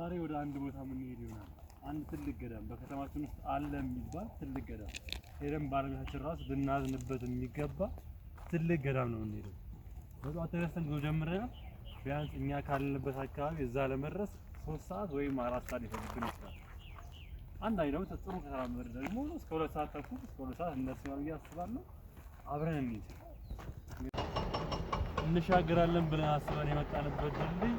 ዛሬ ወደ አንድ ቦታ የምንሄድ ይሆናል። አንድ ትልቅ ገዳም በከተማችን ውስጥ አለ የሚባል ትልቅ ገዳም ሄደን ባለቤታችን ራሱ ልናዝንበት የሚገባ ትልቅ ገዳም ነው የምንሄደው። በጧት ተነስተን ጉዞ ጀምረናል። ቢያንስ እኛ ካለንበት አካባቢ እዛ ለመድረስ ሶስት ሰዓት ወይም አራት ሰዓት ሊፈጅብን ይችላል። አንድ አይ ደግሞ ጥሩ ከተራመደ ደግሞ እስከ ሁለት ሰዓት ተኩል እስከ ሁለት ሰዓት እንደርሳለን ብዬ አስባለሁ። አብረን እንሂድ። እንሻገራለን ብለን አስበን የመጣንበት ድልድይ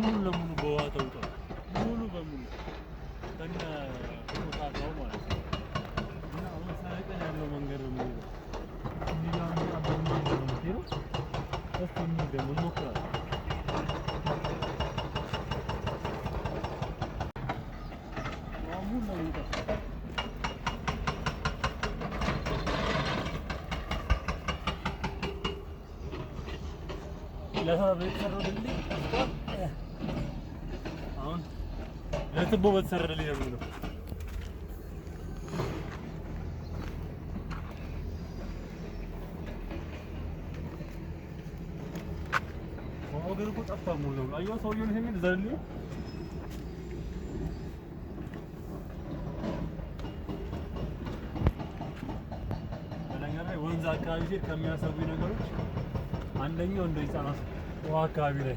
ሙሉ ለሙሉ በውሃ ተውጧል። ሙሉ በሙሉ ከነ ሁኔታው ማለት ነው። እና አሁን ሳይቀር ያለው መንገድ ነው የሚሄደው። እዚህ ነው ድልድይ ለትቦ በተሰረደልኝ ነው የምለው። እኮ ጠፋ ሙሉ ነው። አየኸው ሰውዬውን ይሄንን ዘልልኝ ወንዝ አካባቢ ሲሄድ ከሚያሰጉኝ ነገሮች አንደኛው እንደ ህፃናት ውሃ አካባቢ ላይ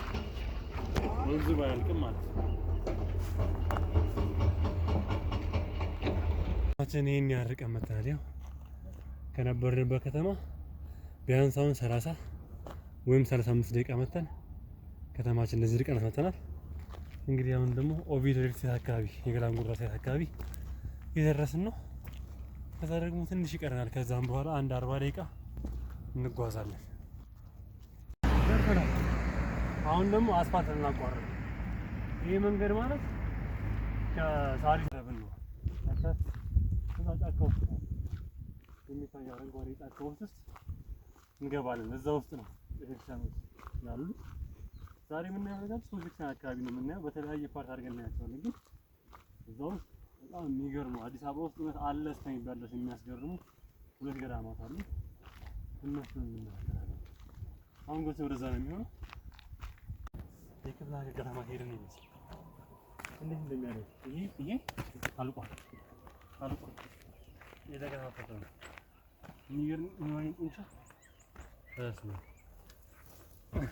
እዚህ ባያልቅም ማለት ነው። ይህን ያርቀን መተናል። ያው ከነበርንበት ከተማ ቢያንስ አሁን 30 ወይም 35 ደቂቃ መተን ከተማችን እንደዚህ ርቀናት መተናል። እንግዲህ አሁን ደግሞ ኦቪድ ሬል ስቴት አካባቢ የገላን ጉራ ሳይት አካባቢ የደረስን ነው። ከዛ ደግሞ ትንሽ ይቀረናል። ከዛም በኋላ አንድ አርባ ደቂቃ እንጓዛለን። አሁን ደግሞ አስፋልት እናቋረጥ። ይሄ መንገድ ማለት ከሳሪ ዘብን ነው። ጫካው ውስጥ የሚታየው አረንጓዴ ጫካው ውስጥ እንገባለን። እዛ ውስጥ ነው ቤተክርስቲያኖች ያሉ። ዛሬ ምን ነገር ሶስት ቤተክርስቲያን አካባቢ ነው የምናየው። በተለያየ ፓርት አድርገን እናያቸዋለን። ግን እዛ ውስጥ በጣም የሚገርሙ አዲስ አበባ ውስጥ እውነት አለ እስከሚባል ድረስ የሚያስገርሙ ሁለት ገዳማት አሉ። እነሱን እንመለከታለን። አሁን ጎሴ ወደዛ ነው የሚሆነው የቅብላ ገዳማ ሄደን ነው ይመስል እንዴት እንደሚያደርግ ይሄ ይሄ አልቋል አልቋል። የደገና ነው። የሚገርም የሚሆነው ቁንቻ በስመ አብ።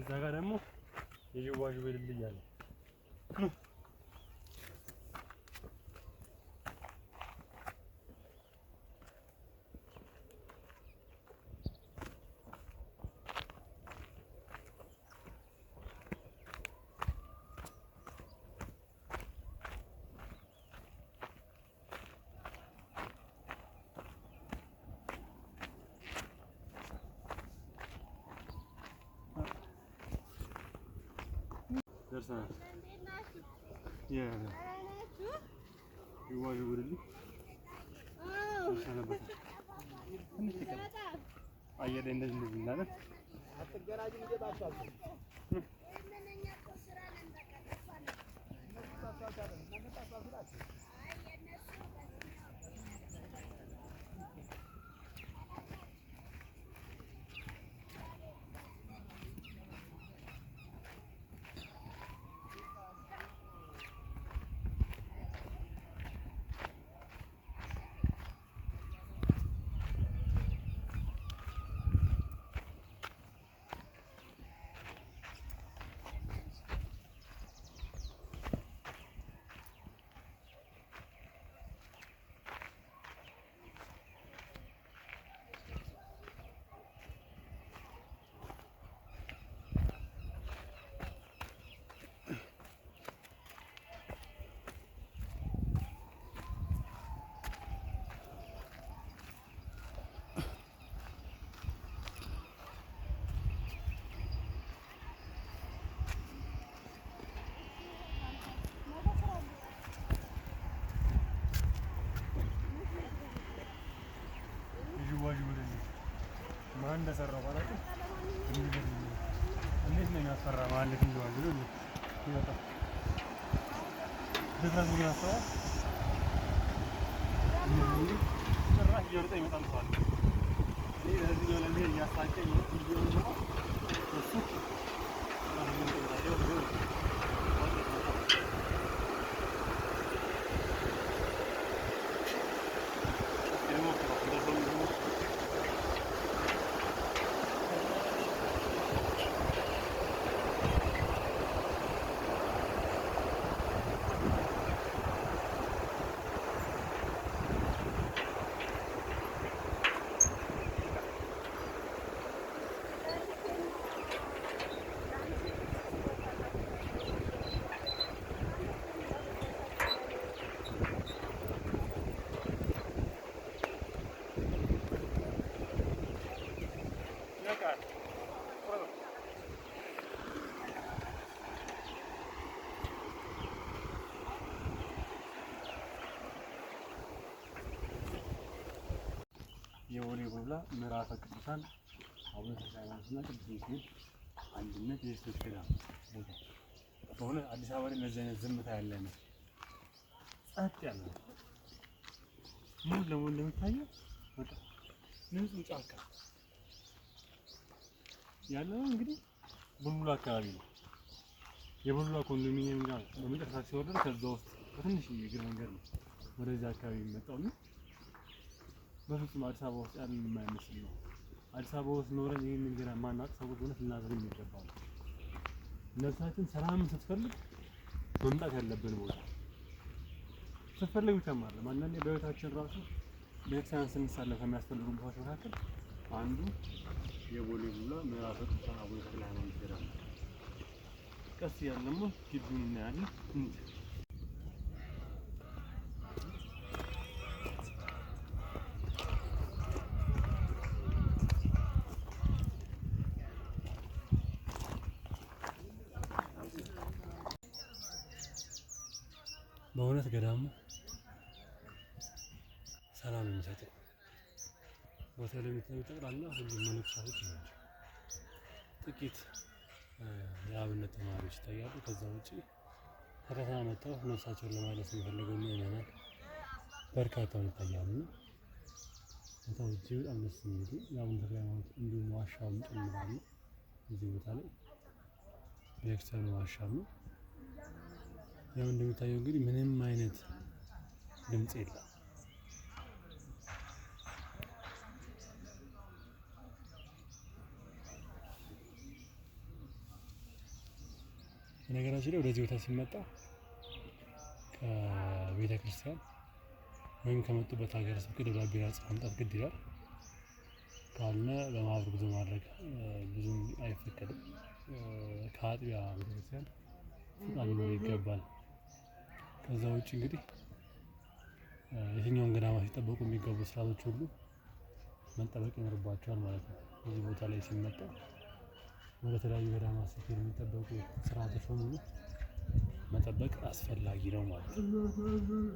እዛ ጋር ደግሞ የዥዋዥዌ ድልድይ አለ። ደርሰናል። አየር እንደዚህ እንደዚህ እናለን ማን እንደሰራው ባላውቅም እንዴት ነው የሚያስፈራ ማለት እንደዋል ብሎ ይወጣ ድረስ ምን ያስተዋል ጭራሽ እየወጣ ይመጣል ሰዋል እኔ ለዚህ ለሚሄድ እያሳቀኝ ነው የወሌ ቦብላ ምዕራፈ ቅዱሳን አቡነ ተክለሃይማኖትና ቅዱስ ሚካኤል አንድነት የሴቶች ገዳም ቦታ በእውነት አዲስ አበባ ላይ ለዚህ አይነት ዝምታ ያለ ነው። ጸጥ ያለ ነው። ሙሉ ለሙሉ እንደሚታየው በቃ ንጹህ ጫካ ነው። እንግዲህ ቡልቡላ አካባቢ ነው። የቡልቡላ ኮንዶሚኒየም ጋር በመጨረሻ ሲወርድ ከዛ ውስጥ በትንሽ የእግር መንገድ ነው ወደዚህ አካባቢ የሚመጣው ነው። በፍጹም አዲስ አበባ ውስጥ ያለን የማይመስል ነው። አዲስ አበባ ውስጥ ኖረን ይህን እንጀራ ማናቅ ሰዎች እውነት የሚገባ ነው። ነፍሳችን ሰላም ስትፈልግ መምጣት ያለብን ቦታ ስትፈልግ ብቻ ማለት አንዳንዴ በቤታችን ራሱ ቤተክርስቲያን ስንሳለፍ ከሚያስፈልጉ ቦታዎች መካከል አንዱ የቦሌ ቡላ ምዕራፈ ቅዱሳን አቡነ ተክለ ሃይማኖት ገዳም ቀስ እያለ ደግሞ ግቢውን እናያለን። በእውነት ገዳሙ ሰላም የሚሰጥ ቦታ ለሚታዩ ጠቅላላ ሁሉም መነኮሳቶች ናቸው። ጥቂት የአብነት ተማሪዎች ይታያሉ። ከዛ ውጪ ተከታ መጥተው ነፍሳቸውን ለማለት የሚፈልገው ምዕመናን በርካታ ይታያሉ። ቦታው ውጪ በጣም ደስ የሚሉ የአቡነ ተክለ ሃይማኖት እንዲሁም ዋሻውም እዚህ ቦታ ላይ ቤተክርስቲያኑ ዋሻ ነው። ያው እንደሚታየው እንግዲህ ምንም አይነት ድምጽ የለም። በነገራችን ላይ ወደዚህ ቦታ ሲመጣ ከቤተ ክርስቲያን ወይም ከመጡበት ሀገረ ስብከት ደብዳቤ ራስ ማምጣት ግድ ይላል። ካልነ በማህበር ጉዞ ማድረግ ብዙም አይፈቀድም። ከአጥቢያ ቤተክርስቲያን ፈቃድ ሊኖር ይገባል። ከዛ ውጭ እንግዲህ የትኛውን ገዳማ ሲጠበቁ የሚገቡ ስርዓቶች ሁሉ መጠበቅ ይኖርባቸዋል ማለት ነው። እዚህ ቦታ ላይ ሲመጣ ወደ ተለያዩ ገዳማ ሲሄድ የሚጠበቁ ስርዓቶች በሙሉ መጠበቅ አስፈላጊ ነው ማለት ነው።